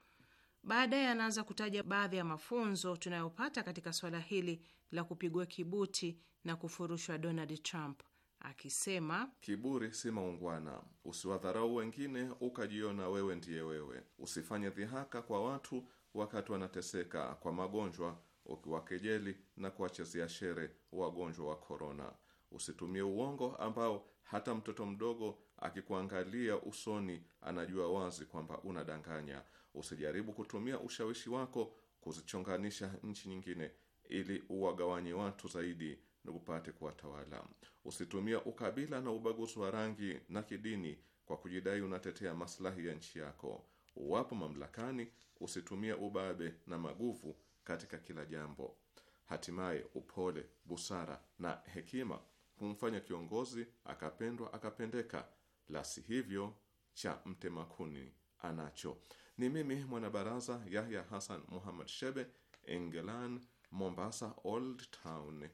Baadaye anaanza kutaja baadhi ya mafunzo tunayopata katika swala hili la kupigwa kibuti na kufurushwa Donald Trump akisema, kiburi si maungwana, usiwadharau wengine ukajiona wewe ndiye wewe, usifanye dhihaka kwa watu wakati wanateseka kwa magonjwa ukiwakejeli na kuwachezea shere wagonjwa wa korona. Usitumie uongo ambao hata mtoto mdogo akikuangalia usoni anajua wazi kwamba unadanganya. Usijaribu kutumia ushawishi wako kuzichonganisha nchi nyingine ili uwagawanye watu zaidi na upate kuwatawala. usitumia ukabila na ubaguzi wa rangi na kidini kwa kujidai unatetea maslahi ya nchi yako. Uwapo mamlakani, usitumie ubabe na maguvu katika kila jambo. Hatimaye upole, busara na hekima humfanya kiongozi akapendwa akapendeka, la si hivyo cha mtema kuni anacho. Ni mimi mwanabaraza Yahya Hassan Muhammad Shebe, England, Mombasa, Old Town,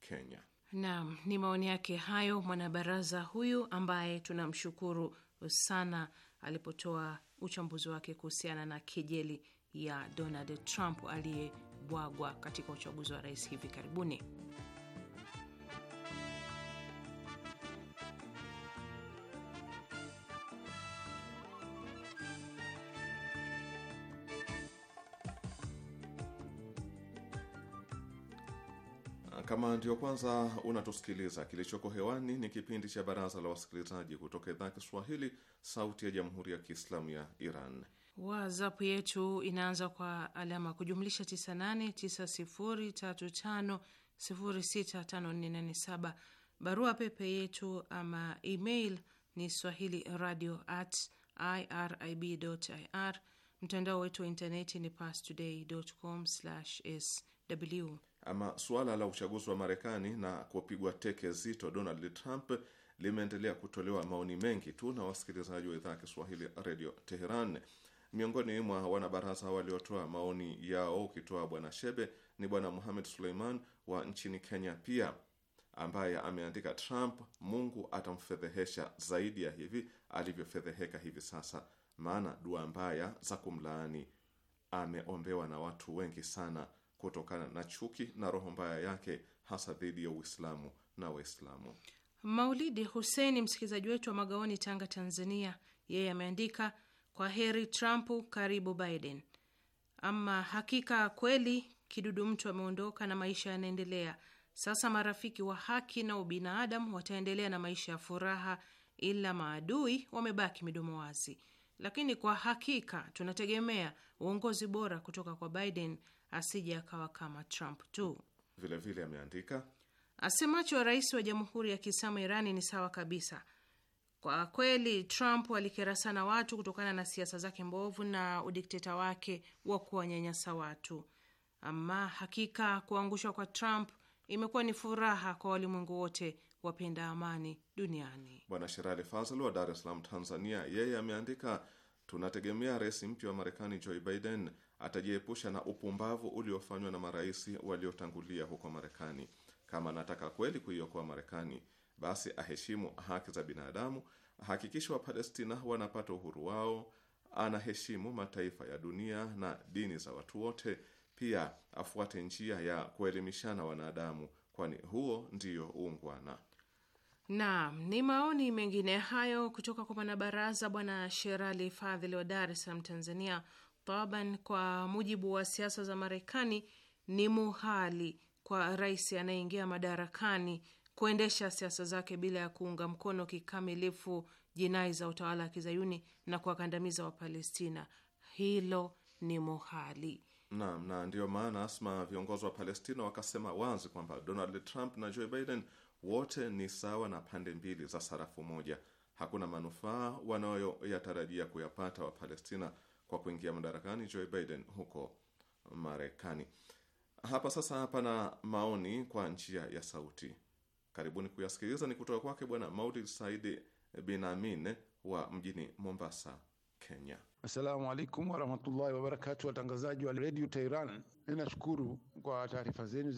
Kenya. Naam, ni maoni yake hayo mwanabaraza huyu ambaye tunamshukuru sana alipotoa uchambuzi wake kuhusiana na kejeli ya Donald Trump aliyebwagwa katika uchaguzi wa rais hivi karibuni. Kama ndio kwanza unatusikiliza, kilichoko hewani ni kipindi cha Baraza la Wasikilizaji kutoka idhaa ya Kiswahili, Sauti ya Jamhuri ya Kiislamu ya Iran. WhatsApp yetu inaanza kwa alama kujumlisha 989035065487. Barua pepe yetu ama email ni swahili radio at irib ir. Mtandao wetu wa intaneti ni pastoday.com sw. Ama suala la uchaguzi wa Marekani na kupigwa teke zito Donald Trump limeendelea kutolewa maoni mengi tu na wasikilizaji wa idhaa ya Kiswahili redio Teheran. Miongoni mwa wanabaraza waliotoa maoni yao, ukitoa bwana Shebe, ni bwana Muhamed Suleiman wa nchini Kenya pia ambaye ameandika, Trump Mungu atamfedhehesha zaidi ya hivi alivyofedheheka hivi sasa, maana dua mbaya za kumlaani ameombewa na watu wengi sana kutokana na chuki na roho mbaya yake hasa dhidi ya Uislamu na Waislamu. Maulidi Hussein, msikilizaji wetu wa Magaoni, Tanga, Tanzania, yeye ameandika kwa heri Trump, karibu Biden. Ama hakika kweli kidudu mtu ameondoka na maisha yanaendelea. Sasa marafiki wa haki na ubinadamu wataendelea na maisha ya furaha, ila maadui wamebaki midomo wazi. Lakini kwa hakika tunategemea uongozi bora kutoka kwa Biden, asije akawa kama Trump tu. Vilevile ameandika asemacho rais wa jamhuri ya Kiislamu Irani ni sawa kabisa kwa kweli Trump alikera sana watu kutokana na siasa zake mbovu na udikteta wake wa kuwanyanyasa watu. Ama hakika kuangushwa kwa Trump imekuwa ni furaha kwa walimwengu wote wapenda amani duniani. Bwana Sherali Fazl wa Dar es Salaam, Tanzania, yeye ameandika tunategemea rais mpya wa Marekani Joe Biden atajiepusha na upumbavu uliofanywa na marais waliotangulia huko Marekani. Kama anataka kweli kuiokoa Marekani basi aheshimu haki za binadamu, hakikisha Wapalestina wanapata uhuru wao, anaheshimu mataifa ya dunia na dini za watu wote. Pia afuate njia ya kuelimishana wanadamu, kwani huo ndiyo uungwana. Naam, ni maoni mengine hayo kutoka kwa mwanabaraza Bwana Sherali Fadhili wa Dar es Salaam, Tanzania. Taban, kwa mujibu wa siasa za Marekani ni muhali kwa rais anayeingia madarakani kuendesha siasa zake bila ya kuunga mkono kikamilifu jinai za utawala wa kizayuni na kuwakandamiza Wapalestina. Hilo ni muhali nam na, ndiyo maana Asma, viongozi wa Palestina wakasema wazi kwamba Donald Trump na Joe Biden wote ni sawa na pande mbili za sarafu moja. Hakuna manufaa wanayoyatarajia kuyapata Wapalestina kwa kuingia madarakani Joe Biden huko Marekani. Hapa sasa hapa na maoni kwa njia ya sauti. Karibuni kuyasikiliza ni kutoka kwake Bwana Maulid Saidi amin wa mjini Mombasa, Kenya. Assalamu alaikum warahmatullahi wabarakatu, watangazaji wa redio Tehran, ninashukuru kwa taarifa zenu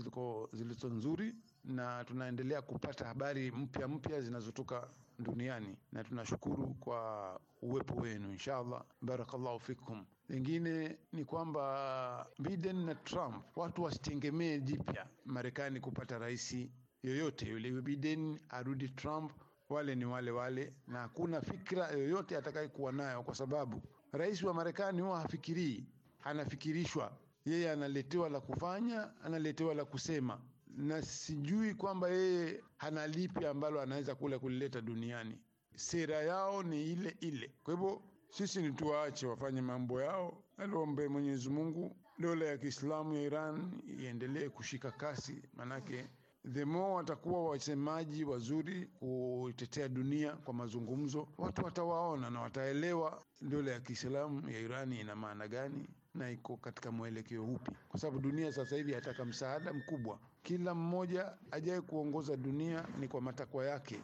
zilizo nzuri, na tunaendelea kupata habari mpya mpya zinazotoka duniani, na tunashukuru kwa uwepo wenu. Inshallah, barakallahu fikum. Lingine ni kwamba Biden na Trump, watu wasitengemee jipya Marekani kupata raisi yoyote yule, iwe Biden arudi Trump, wale ni wale wale, na hakuna fikra yoyote atakayekuwa nayo, kwa sababu rais wa Marekani huwa hafikirii, anafikirishwa yeye, analetewa la kufanya, analetewa la kusema, na sijui kwamba yeye hana lipi ambalo anaweza kula kulileta duniani. Sera yao ni ile ile, kwa hivyo sisi ni tuwaache wafanye mambo yao. Aliombe Mwenyezi Mungu dola ya Kiislamu ya Iran iendelee kushika kasi, manake the more watakuwa wasemaji wazuri kutetea dunia kwa mazungumzo, watu watawaona na wataelewa dola ya Kiislamu ya Irani ina maana gani na iko katika mwelekeo upi, kwa sababu dunia sasa hivi ataka msaada mkubwa. Kila mmoja ajaye kuongoza dunia ni kwa matakwa yake,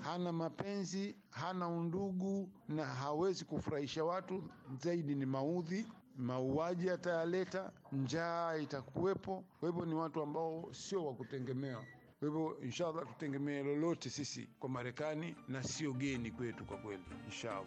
hana mapenzi, hana undugu na hawezi kufurahisha watu, zaidi ni maudhi mauaji yatayaleta njaa itakuwepo. Kwa hivyo ni watu ambao sio wa kutegemewa. Kwa hivyo inshallah, tutegemee lolote sisi kwa Marekani na sio geni kwetu kwa kweli, inshallah.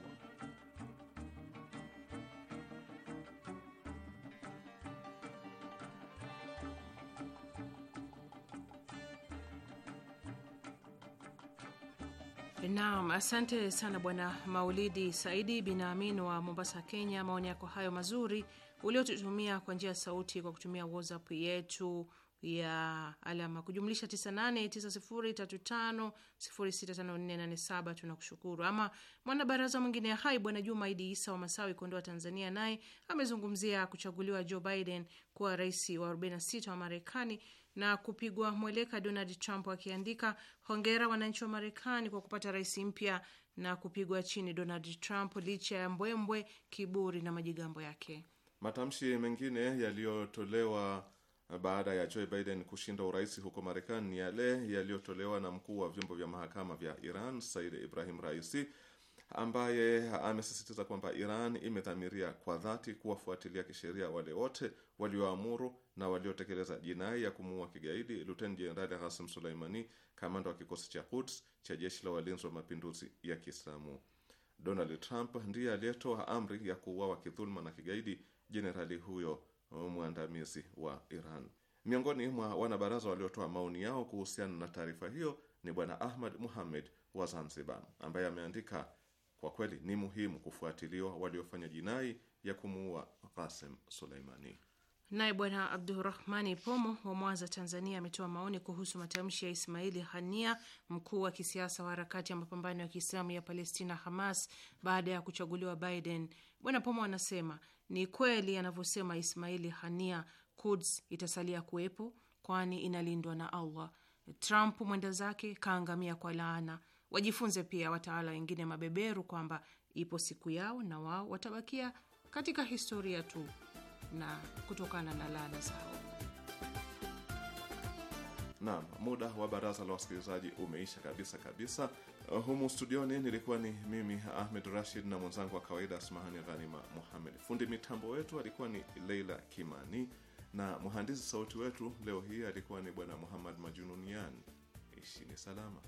Naam, asante sana bwana Maulidi Saidi bin Amin wa Mombasa, Kenya. Maoni yako hayo mazuri uliotutumia kwa njia ya sauti kwa kutumia WhatsApp yetu ya alama kujumlisha 989035065487 tunakushukuru. Ama mwanabaraza mwingine hai bwana Juma Idi Isa wa Masawi, Kondoa, Tanzania, naye amezungumzia kuchaguliwa Joe Biden kuwa rais wa 46 wa Marekani na kupigwa mweleka Donald Trump akiandika hongera wananchi wa Marekani kwa kupata rais mpya na kupigwa chini Donald Trump licha ya mbwembwe, kiburi na majigambo yake. Matamshi mengine yaliyotolewa baada ya Joe Biden kushinda urais huko Marekani ni yale yaliyotolewa na mkuu wa vyombo vya mahakama vya Iran Said Ibrahim Raisi ambaye amesisitiza kwamba Iran imedhamiria kwa dhati kuwafuatilia kisheria wale wote walioamuru na waliotekeleza jinai ya kumuua kigaidi Luteni Jenerali ghasim Suleimani, kamanda wa kikosi cha Quds cha jeshi la walinzi wa mapinduzi ya Kiislamu. Donald Trump ndiye aliyetoa amri ya kuuawa kidhuluma na kigaidi jenerali huyo mwandamizi wa Iran. Miongoni mwa wanabaraza waliotoa maoni yao kuhusiana na taarifa hiyo ni Bwana Ahmad Muhamed wa Zanzibar, ambaye ameandika, kwa kweli ni muhimu kufuatiliwa waliofanya jinai ya kumuua Qasim Suleimani. Naye Bwana Abdurahmani Pomo wa Mwanza, Tanzania, ametoa maoni kuhusu matamshi ya Ismaili Hania, mkuu wa kisiasa wa harakati ya mapambano ya kiislamu ya Palestina, Hamas, baada ya kuchaguliwa Biden. Bwana Pomo anasema ni kweli anavyosema Ismaili Hania, Kuds itasalia kuwepo kwani inalindwa na Allah. Trump mwenda zake kaangamia kwa laana. Wajifunze pia watawala wengine mabeberu kwamba ipo siku yao na wao watabakia katika historia tu na kutokana na lada zao. Naam, muda wa baraza la wasikilizaji umeisha kabisa kabisa. Humu studioni nilikuwa ni mimi Ahmed Rashid na mwenzangu wa kawaida Asmahani Ghanima muhammed Fundi mitambo wetu alikuwa ni Leila Kimani na mhandisi sauti wetu leo hii alikuwa ni Bwana Muhammad majununiani Ishini salama.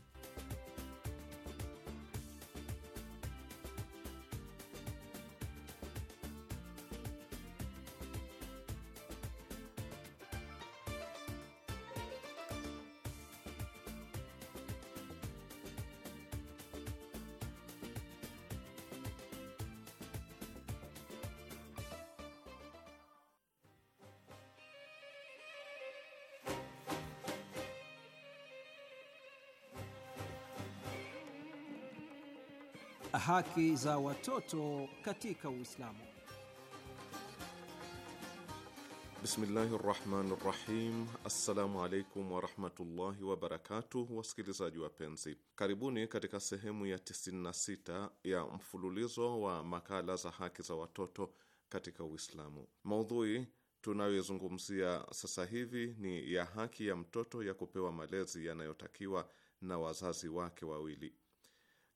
Haki za watoto katika Uislamu. Bismillahi rahmani rahim. Assalamu alaikum warahmatullahi wabarakatuh. Wasikilizaji wapenzi, karibuni katika sehemu ya 96 ya mfululizo wa makala za haki za watoto katika Uislamu. Maudhui tunayoizungumzia sasa hivi ni ya haki ya mtoto ya kupewa malezi yanayotakiwa na wazazi wake wawili.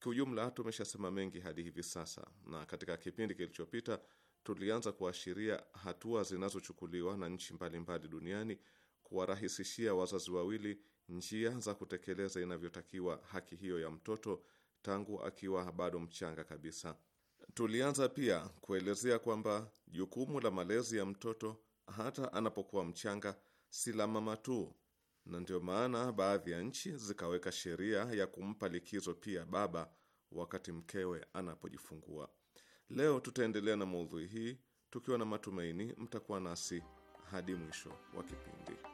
Kiujumla, tumeshasema mengi hadi hivi sasa, na katika kipindi kilichopita tulianza kuashiria hatua zinazochukuliwa na nchi mbalimbali duniani kuwarahisishia wazazi wawili njia za kutekeleza inavyotakiwa haki hiyo ya mtoto tangu akiwa bado mchanga kabisa. Tulianza pia kuelezea kwamba jukumu la malezi ya mtoto hata anapokuwa mchanga si la mama tu, na ndio maana baadhi ya nchi zikaweka sheria ya kumpa likizo pia baba wakati mkewe anapojifungua. Leo tutaendelea na maudhui hii tukiwa na matumaini mtakuwa nasi hadi mwisho wa kipindi.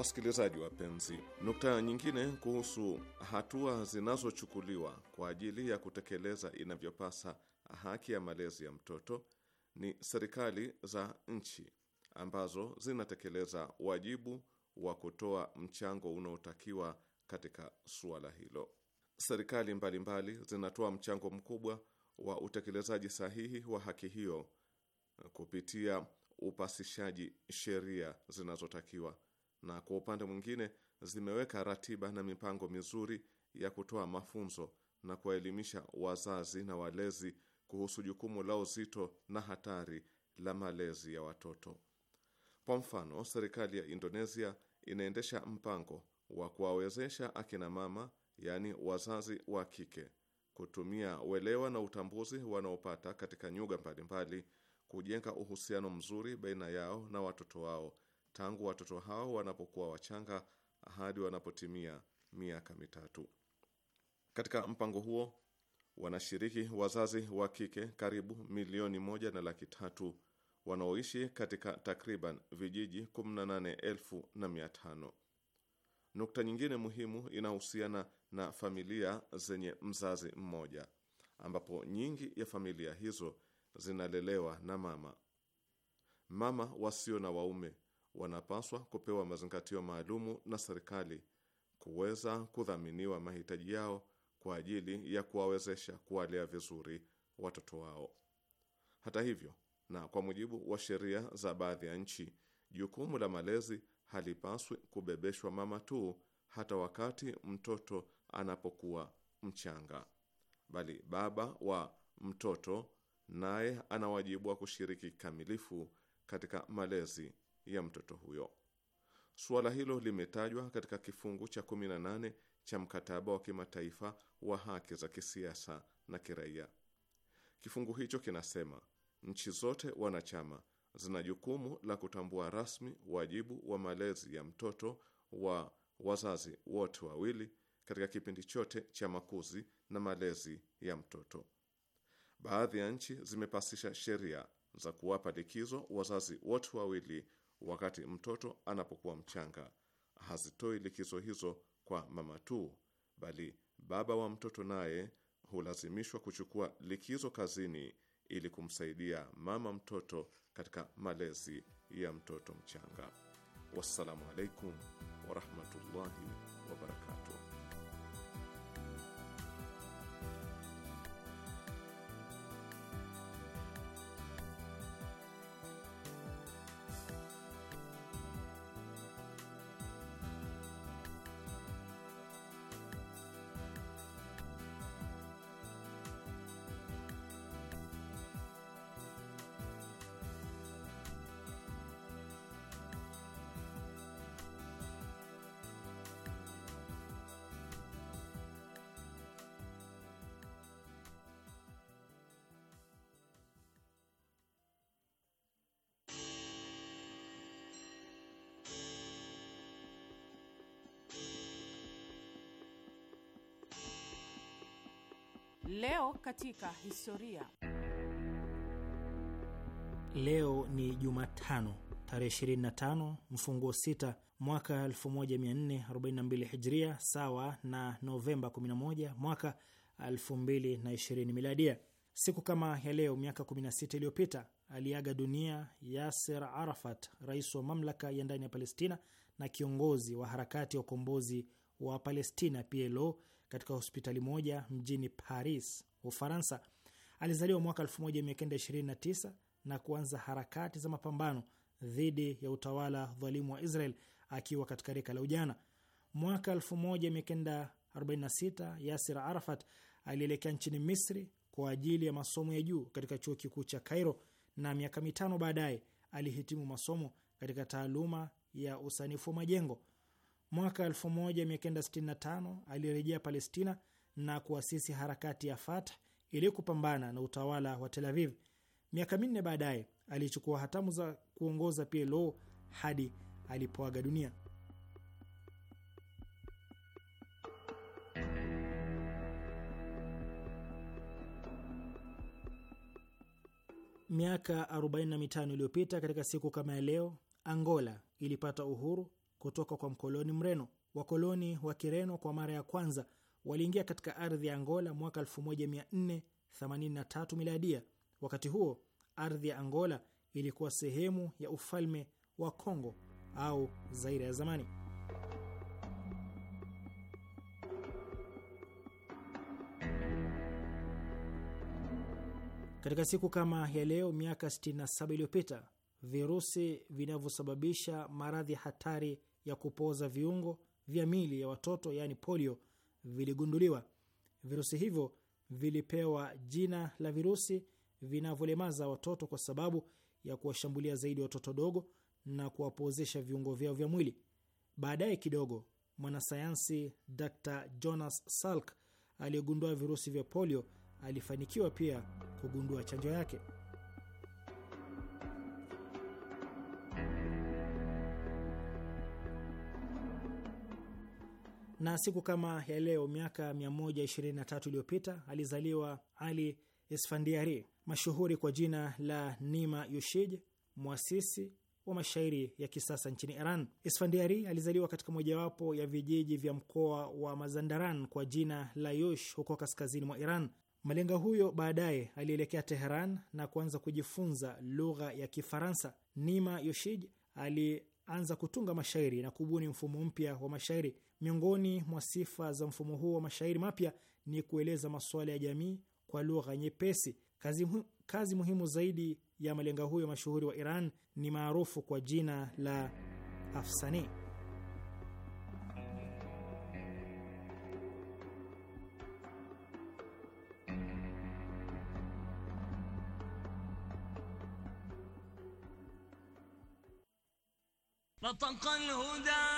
Wasikilizaji wapenzi, nukta nyingine kuhusu hatua zinazochukuliwa kwa ajili ya kutekeleza inavyopasa haki ya malezi ya mtoto ni serikali za nchi ambazo zinatekeleza wajibu wa kutoa mchango unaotakiwa katika suala hilo. Serikali mbalimbali zinatoa mchango mkubwa wa utekelezaji sahihi wa haki hiyo kupitia upasishaji sheria zinazotakiwa na kwa upande mwingine zimeweka ratiba na mipango mizuri ya kutoa mafunzo na kuwaelimisha wazazi na walezi kuhusu jukumu la uzito na hatari la malezi ya watoto. Kwa mfano, serikali ya Indonesia inaendesha mpango wa kuwawezesha akina mama, yaani wazazi wa kike, kutumia uelewa na utambuzi wanaopata katika nyuga mbalimbali kujenga uhusiano mzuri baina yao na watoto wao tangu watoto hao wanapokuwa wachanga hadi wanapotimia miaka mitatu. Katika mpango huo wanashiriki wazazi wa kike karibu milioni moja na laki tatu wanaoishi katika takriban vijiji tano Nukta nyingine muhimu inahusiana na familia zenye mzazi mmoja ambapo nyingi ya familia hizo zinalelewa na mama. Mama wasio na waume wanapaswa kupewa mazingatio maalumu na serikali kuweza kudhaminiwa mahitaji yao kwa ajili ya kuwawezesha kuwalea vizuri watoto wao. Hata hivyo, na kwa mujibu wa sheria za baadhi ya nchi, jukumu la malezi halipaswi kubebeshwa mama tu, hata wakati mtoto anapokuwa mchanga, bali baba wa mtoto naye ana wajibu wa kushiriki kikamilifu katika malezi ya mtoto huyo. Suala hilo limetajwa katika kifungu cha 18 cha mkataba wa kimataifa wa haki za kisiasa na kiraia. Kifungu hicho kinasema nchi zote wanachama zina jukumu la kutambua rasmi wajibu wa malezi ya mtoto wa wazazi wote wawili katika kipindi chote cha makuzi na malezi ya mtoto. Baadhi ya nchi zimepasisha sheria za kuwapa likizo wazazi wote wawili wakati mtoto anapokuwa mchanga, hazitoi likizo hizo kwa mama tu, bali baba wa mtoto naye hulazimishwa kuchukua likizo kazini ili kumsaidia mama mtoto katika malezi ya mtoto mchanga. Wassalamu alaikum warahmatullahi wabarakatuh. Leo katika historia. Leo ni Jumatano tarehe 25 mfunguo 6 mwaka 1442 Hijria, sawa na Novemba 11 mwaka 2020 Miladia. Siku kama ya leo miaka 16 iliyopita aliaga dunia Yasser Arafat, rais wa mamlaka ya ndani ya Palestina na kiongozi wa harakati ya ukombozi wa Palestina PLO katika hospitali moja mjini Paris, Ufaransa. Alizaliwa mwaka 1929 na kuanza harakati za mapambano dhidi ya utawala dhalimu wa Israel akiwa katika rika la ujana. Mwaka 1946 Yasir Arafat alielekea nchini Misri kwa ajili ya masomo ya juu katika chuo kikuu cha Cairo, na miaka mitano baadaye alihitimu masomo katika taaluma ya usanifu wa majengo. Mwaka 1965 alirejea Palestina na kuasisi harakati ya Fatah ili kupambana na utawala wa Tel Aviv. Miaka minne baadaye alichukua hatamu za kuongoza PLO hadi alipoaga dunia. Miaka 45 iliyopita katika siku kama ya leo, Angola ilipata uhuru kutoka kwa mkoloni Mreno. Wakoloni wa Kireno kwa mara ya kwanza waliingia katika ardhi ya Angola mwaka 1483 miladia. Wakati huo ardhi ya Angola ilikuwa sehemu ya ufalme wa Kongo au Zaire ya zamani. Katika siku kama ya leo miaka 67 iliyopita virusi vinavyosababisha maradhi hatari ya kupoza viungo vya mili ya watoto yaani polio viligunduliwa. Virusi hivyo vilipewa jina la virusi vinavyolemaza watoto kwa sababu ya kuwashambulia zaidi watoto dogo na kuwapozesha viungo vyao vya mwili. Baadaye kidogo, mwanasayansi Dr Jonas Salk aliyegundua virusi vya polio alifanikiwa pia kugundua chanjo yake. na siku kama ya leo miaka 123 iliyopita alizaliwa Ali Isfandiari, mashuhuri kwa jina la Nima Yushij, mwasisi wa mashairi ya kisasa nchini Iran. Isfandiari alizaliwa katika mojawapo ya vijiji vya mkoa wa Mazandaran kwa jina la Yush huko kaskazini mwa Iran. Malenga huyo baadaye alielekea Teheran na kuanza kujifunza lugha ya Kifaransa. Nima Yushij alianza kutunga mashairi na kubuni mfumo mpya wa mashairi. Miongoni mwa sifa za mfumo huo wa mashairi mapya ni kueleza masuala ya jamii kwa lugha nyepesi. Kazi, mu, kazi muhimu zaidi ya malenga huyo mashuhuri wa Iran ni maarufu kwa jina la huda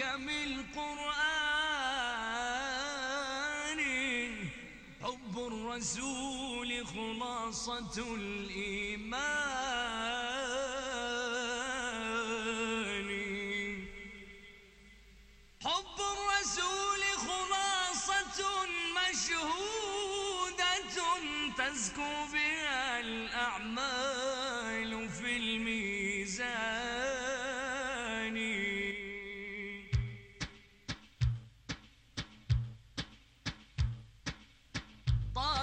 حبك القرآن حب الرسول خلاصة الإيمان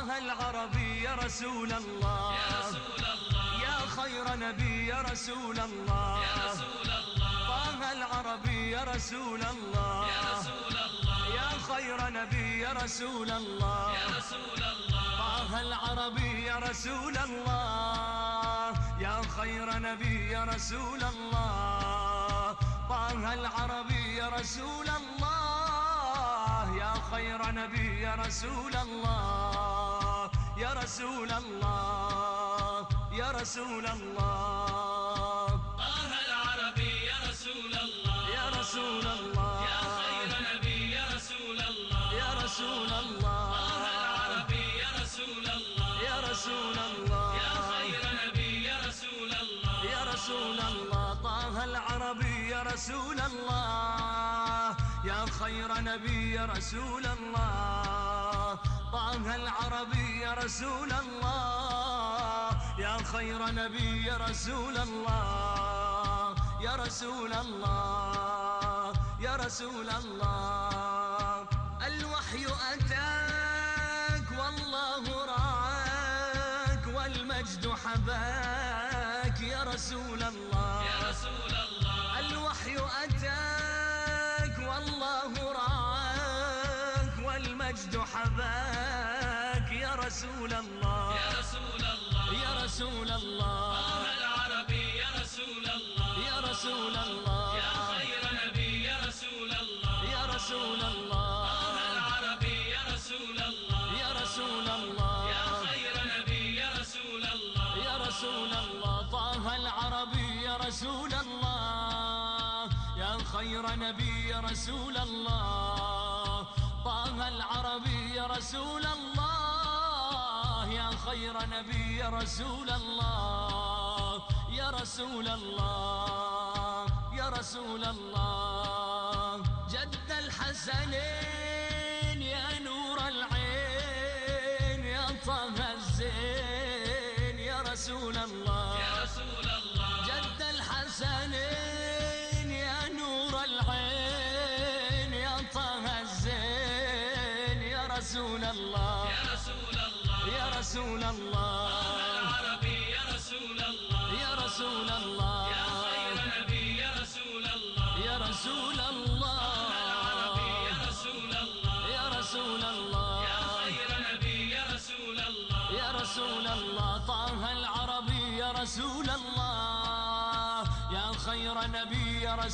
الله العربي يا رسول الله يا رسول الله يا خير نبي يا رسول الله يا رسول الله طه العربي يا رسول الله يا رسول الله يا خير نبي يا رسول الله يا رسول الله طه العربي يا رسول الله يا خير نبي يا رسول الله طه العربي يا رسول الله يا خير نبي يا رسول الله يا رسول الله يا رسول الله طه العربي يا رسول الله يا رسول الله يا خير نبي يا رسول الله يا رسول الله طه العربي يا رسول الله يا رسول الله يا خير نبي يا رسول الله يا رسول الله طه العربي يا رسول الله يا خير نبي يا رسول الله طعمها العربي يا رسول الله يا خير نبي يا رسول الله يا رسول الله يا رسول الله الوحي أتاك والله راك والمجد حباك يا رسول الله يا رسول الله الوحي أتاك الوجد حباك يا رسول الله يا رسول الله يا رسول الله طه العربي يا رسول الله يا رسول الله يا خير نبي يا رسول الله يا رسول الله طه العربي يا رسول الله يا رسول الله يا خير نبي يا رسول الله يا رسول الله طه العربي يا رسول الله يا خير نبي يا رسول الله طه العربي يا رسول الله يا خير نبي يا رسول الله يا رسول الله يا رسول الله جد الحسنين